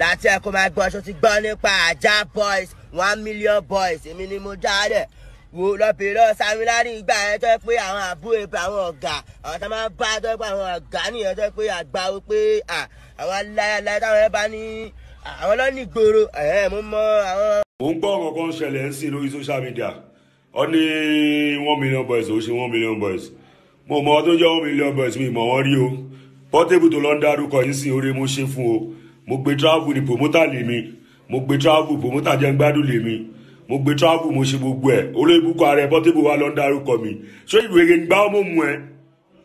láti ẹ̀kọ́ máa gbọ́ ṣó ti gbọ́ nípa àjà boys one million boys èmi ni mo jáde wo lọ́bìnrin samilari ìgbà yẹn tó pé àwọn àbúrò pé àwọn ọ̀gá àwọn tá máa bá tó pé àwọn ọ̀gá nìyẹn tó pé àgbà wo pé àwọn aláìláì táwọn ẹ bá ní àwọn lọ́nì gbòòrò mo mọ àwọn. mo ń gbọ́ ọ̀rọ̀ kan ṣẹlẹ̀ ń sìn lórí social media ó ní one million boys ó ṣe one million boys mo mọ ọdún jẹ́ one million boys mi mọ̀ wọ́n rí o Portable tó lọ ń dárúkọ yìí sìn oore mo ṣe fún o mo gbé travel ni promoter lè mi mo gbé travel promoter jẹ́ ń gbádùn lè mi mo gbé travel mo ṣe gbogbo ẹ̀ olóyìnbùkún ààrẹ pọ́tébù wa ló ń dárúkọ mi ṣé ìlú èrè ń gbá ọmọ mu ẹ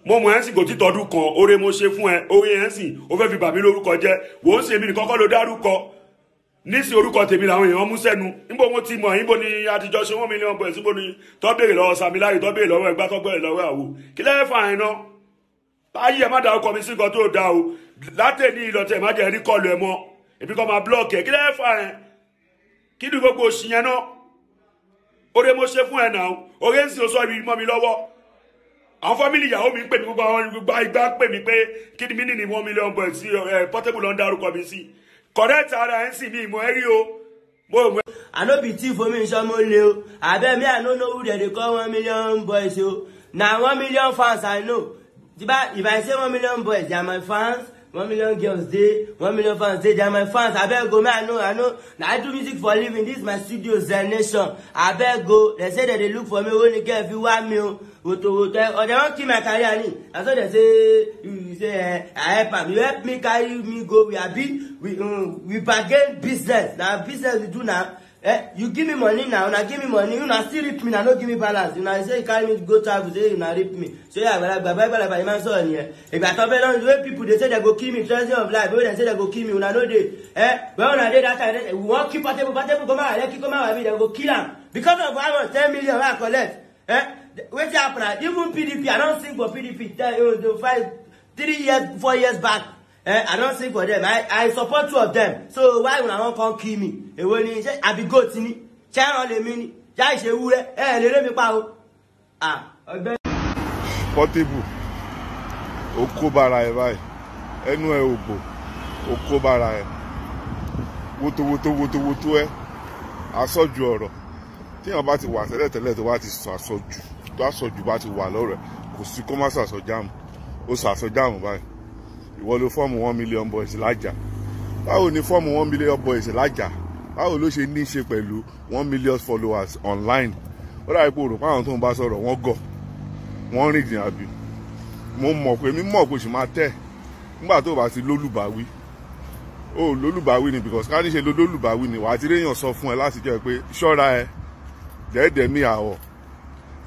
mo mọ ẹ́ sì kò títọ́ ọdún kan oore mo ṣe fún ẹ oore ẹ̀ sì ó fẹ́ fi bà mí lórúkọ jẹ́ wò ó ṣèmi nìkan kọ́ ló dárúkọ nísìn orúkọ tèmi làwọn èèyàn mú sẹ́nu níbo mo ti mọ̀ níbo ni àtijọ́ ṣe wọ́n mi ní ọgbọ̀n síbo ni tọ́ béèrè lọ́wọ́ Sàmí Láyé tọ́ béèrè lọ́wọ́ ẹgbá tọ́ béèrè lọ́wọ́ àwo kí lẹ́yìn fàáyín náà ayé ẹ má da ọkọ mi sí nǹkan tó da o látẹ̀lí ìlọ̀tẹ̀ má jẹ́ rí kọlù ẹ mọ́ èmi kọ́ máa blọ́ọ̀kì ẹ kí lẹ́ẹ̀ fà ẹ kí ni gbogbo òsì yẹn náà oore mo ṣe fún ẹ náà oore ń sìn sọ ibi mọ́ mi lọ́wọ́ àwọn fámìlì ìyàwó mi pè mí gbogbo àwọn igbá pè mí pé kí ni mí nìní one million boy sí ẹ portable ló ń mi sí correct ara ẹ ń sìn mí ìmọ̀ ẹ rí o ànóbì tí fomi sọmọ lè o àbẹ mi ànónówó rẹ̀ lè kọ́ one million boys o na one million fans i know if i say one million boys they are my fans one million girls they one million fans dey they are my fans I better go man, i know i know Now i do music for a living this my studio zen nation I better go. They say that they look for me wey ni girl fit wa mi oh. o wotowoto or oh, dem wan kill my career ni na so they say you say eh, i help am you help me carry me go we are big. we um, we bargain business Now business we do now. Eh, you give me money now, una give me money, You now still rip me, una not give me balance. You now say you carry me go You say you now rip me. So yeah, but but but but man so on here. If I talk about when people they say they go kill me, treasure of life. they say they go kill me, una know they. Eh, when una dey that time, we want keep portable, portable come out, They keep coming out, they go kill them because of how much ten million I collect. Eh, What's happen? Even PDP, I don't think for PDP. Tell you, five, three years, four years back. eh, i don sing for them i i support two of them so why una wan come kill me èwo ni ṣé àbí goat ni ṣé ẹran lèmi ni ṣé àìṣe ewúrẹ́ ẹ eh, ẹ lè rémi pa o. Portable ó kó bára ẹ báyìí ẹnu ẹ ò bò ó kó bára ẹ wotowoto wotowoto ẹ asọ́jú ọ̀rọ̀ téèyàn bá ti wà tẹ́lẹ̀tẹ́lẹ̀ tó bá ti sọ asọ́jú tó asọ́jú bá ti wà lọ́rọ̀ ẹ kò sí kó má sàsọ jáàmù ó sàsọ jáàmù báyìí ìwọ ló fọ́ọ̀mù one million boys lájà báwo ni fọ́ọ̀mù one million boys lájà báwo ló ṣe ní í ṣe pẹ̀lú one million followers online ó dàbí pé òrùka àwọn tó ń bá sọ̀rọ̀ wọ́n gọ̀ wọ́n rìn jìn àbí mo mọ̀ pé mi mọ̀ pé o sì máa tẹ̀ nígbà tó o bá ti lólùbáwí o lólùbáwí ni because ká ní ṣe lólùbáwí ni wàá ti réyàn sọ fún ẹ láti jẹ́ pé ṣọ́ra ẹ dẹ́ẹ̀dẹ́ mi àwọ̀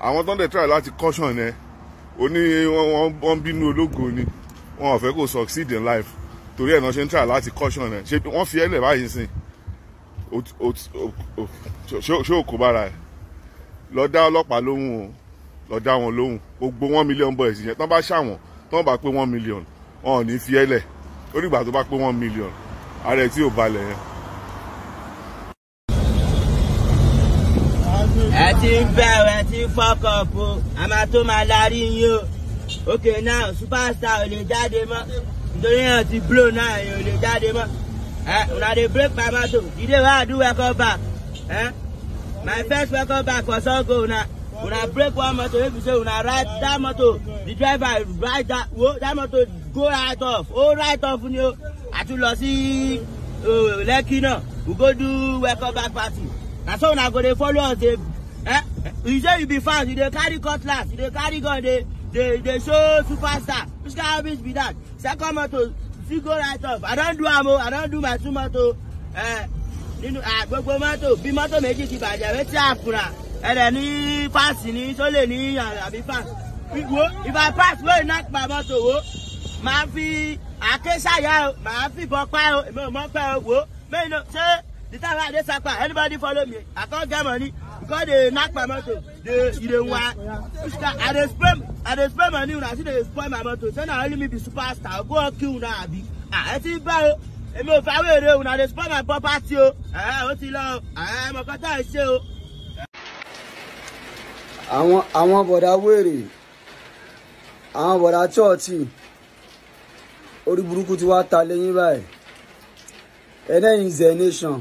àwọn tó ń dẹ̀ try láti caution ẹ o ní wọ́n bínú ológo ni wọn ò fẹ́ kó succeed in life torí ẹ̀ náà ṣe ń try láti caution ẹ̀ ṣé wọ́n fi ẹlẹ̀ báyìí sìn ṣé òkú bára ẹ̀ lọ dá ọlọ́pàá lóhùn o lọ dá wọn lóhùn gbogbo one million boys yẹn tán bá ṣàwọn tán bá pé one million wọn ò ní fi ẹlẹ̀ ó dìgbà tó bá pé one million ààrẹ tí ò balẹ̀ yẹn. ẹ ti ń bẹ̀rẹ̀ ẹ ti ń fọkàn àmọ́ tó máa larí yín o okay now superstar ò lè jáde mọ́ nítorí náà ti blow náà ẹ̀ ò lè jáde mọ́ una dey break my motor. the oh. day wey i do welcome back eh? my first welcome back for sango una una break one motor wey be say una ride that motor the driver ride that wo that motor go right off ó oh, right off ni o àti lọ sí oh, lẹ́kì náà we go do welcome back party na so una go dey follow us dey eh? you say you be fast you dey carry cutlass you dey carry gun dey they they show superstar which kind rubbish be that second motor fit go right off i don do am o i don do my two motor ẹ eh, nínú gbogbo mọ́tò bí mọ́tò méjì ti bàjẹ́ wetin àkùrà ẹ̀rẹ̀ ní paasi ní tó lè ní àbí pass wo I pass wey knock my motor wo màá fi àáké ṣàyà o màá fi bọ́ pẹ́ o èmi ò mọ́ pẹ́ o wo mẹ́rin ṣé the time i dey sapa anybody follow me i come get money because they knock my motor dey you dey wa i dey spray i dey spray money una still dey spoil my motor say na only me be superstar go kill una abi ah ẹ bá o èmi ò fẹ́ wéèrè una dey spoil my property o ẹ ah, ó ti lọ ẹ ah, mọ̀kọ́ tá ẹ ṣe o. àwọn àwọn bọ̀dá wèrè àwọn bọ̀dá chọ́ọ̀tì orí burúkú ti wá ta lẹ́yìn báyìí ẹlẹ́yin zẹ̀ nation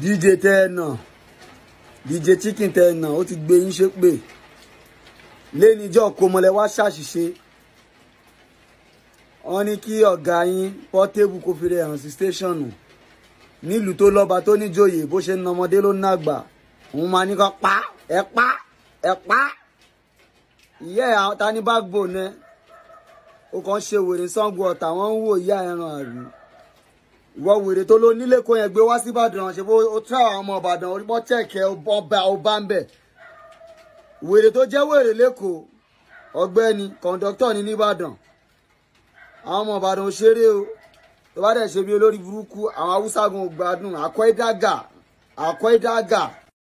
díje tẹ́ ẹ náà. DJ Chicken tẹ nà ó ti gbé yín ṣépè léníjọ́ kó mọlẹ wá ṣàṣìṣe wọ́n ní kí ọ̀gá yín Portable kó fi rẹ hàn sí station nílùú tó lọ́ba tó níjòyè bó ṣe ń na ló ń nàgbà òun máa ní kó pa ẹ pa ẹ pa ìyá ẹ ta ní bá gbòó náà ó kàn ṣe wèrè Ṣàngó Ọ̀tà wọ́n ń wò ìyá ẹran àrùn ìwọ wèrè tó ló nílé kó yẹn gbé wá sí ìbàdàn ṣe bó o tẹ àwọn ọmọ ìbàdàn orí bọ́ tẹ̀kẹ́ ọba ọba ń bẹ̀ wèrè tó jẹ́ wèrè lẹ́kọ̀ọ́ ọ̀gbẹ́ni kọ̀ǹdọ́tọ̀ ní nìbàdàn àwọn ọmọ ìbàdàn ṣeré o tó bá dẹ̀ ṣe bí olórí burúkú àwọn haúsá gan gbádùn àkọ́ ìdágà àkọ́ ìdágà.